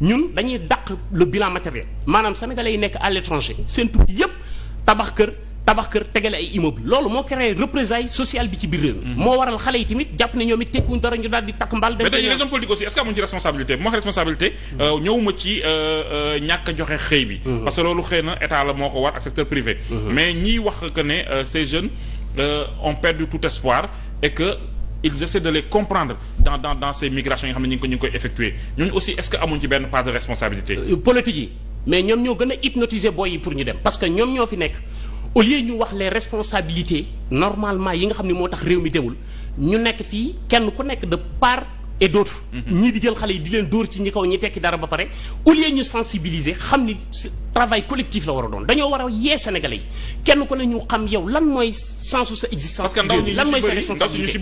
ñun dañuy daq le bilan matériel maanaam sénégalais yi nekk à l'étranger seen tukki yépp tabax kër tabax kër tegale ay immeuble loolu moo créé représailles sociales bi ci biir réew mhm. moo waral xale yi tamit jàpp ne ñoom it tekkuñ dara ñu daal di takk mbaal mais tey les hommes politiques aussi est-ce ci responsabilité bu ma responsabilité mhm. euh, ñëwuma ci euh, euh, ñàkk joxe xëy bi mhm. parce que loolu xëy na état la moo ko war ak secteur privé mais ñiy wax que ne ces jeunes ont perdu tout espoir et que ils essaient de les comprendre dans dans dans ces migrations yi nga xam ne ñu ngi koy effectuer ñooñu aussi est-ce que amuñ ci benn part de responsabilité. Euh, politique yi mais ñoom ñoo gën a hypnotiser boy yi pour ñu dem parce que ñoom normalement yi nga xam ne moo tax réew mi demul ñu nekk fii kenn ku nekk de part et d'autre. Mm-hmm. ñii di jël xale yi di leen dóor ci ñi kaw ñi tekki dara ba pare au lieu ñu sensibiliser xam ni travail collectif la war doon dañoo war a yee sénégalais yi kenn ku ne ñu xam yow lan mooy sensu sa sa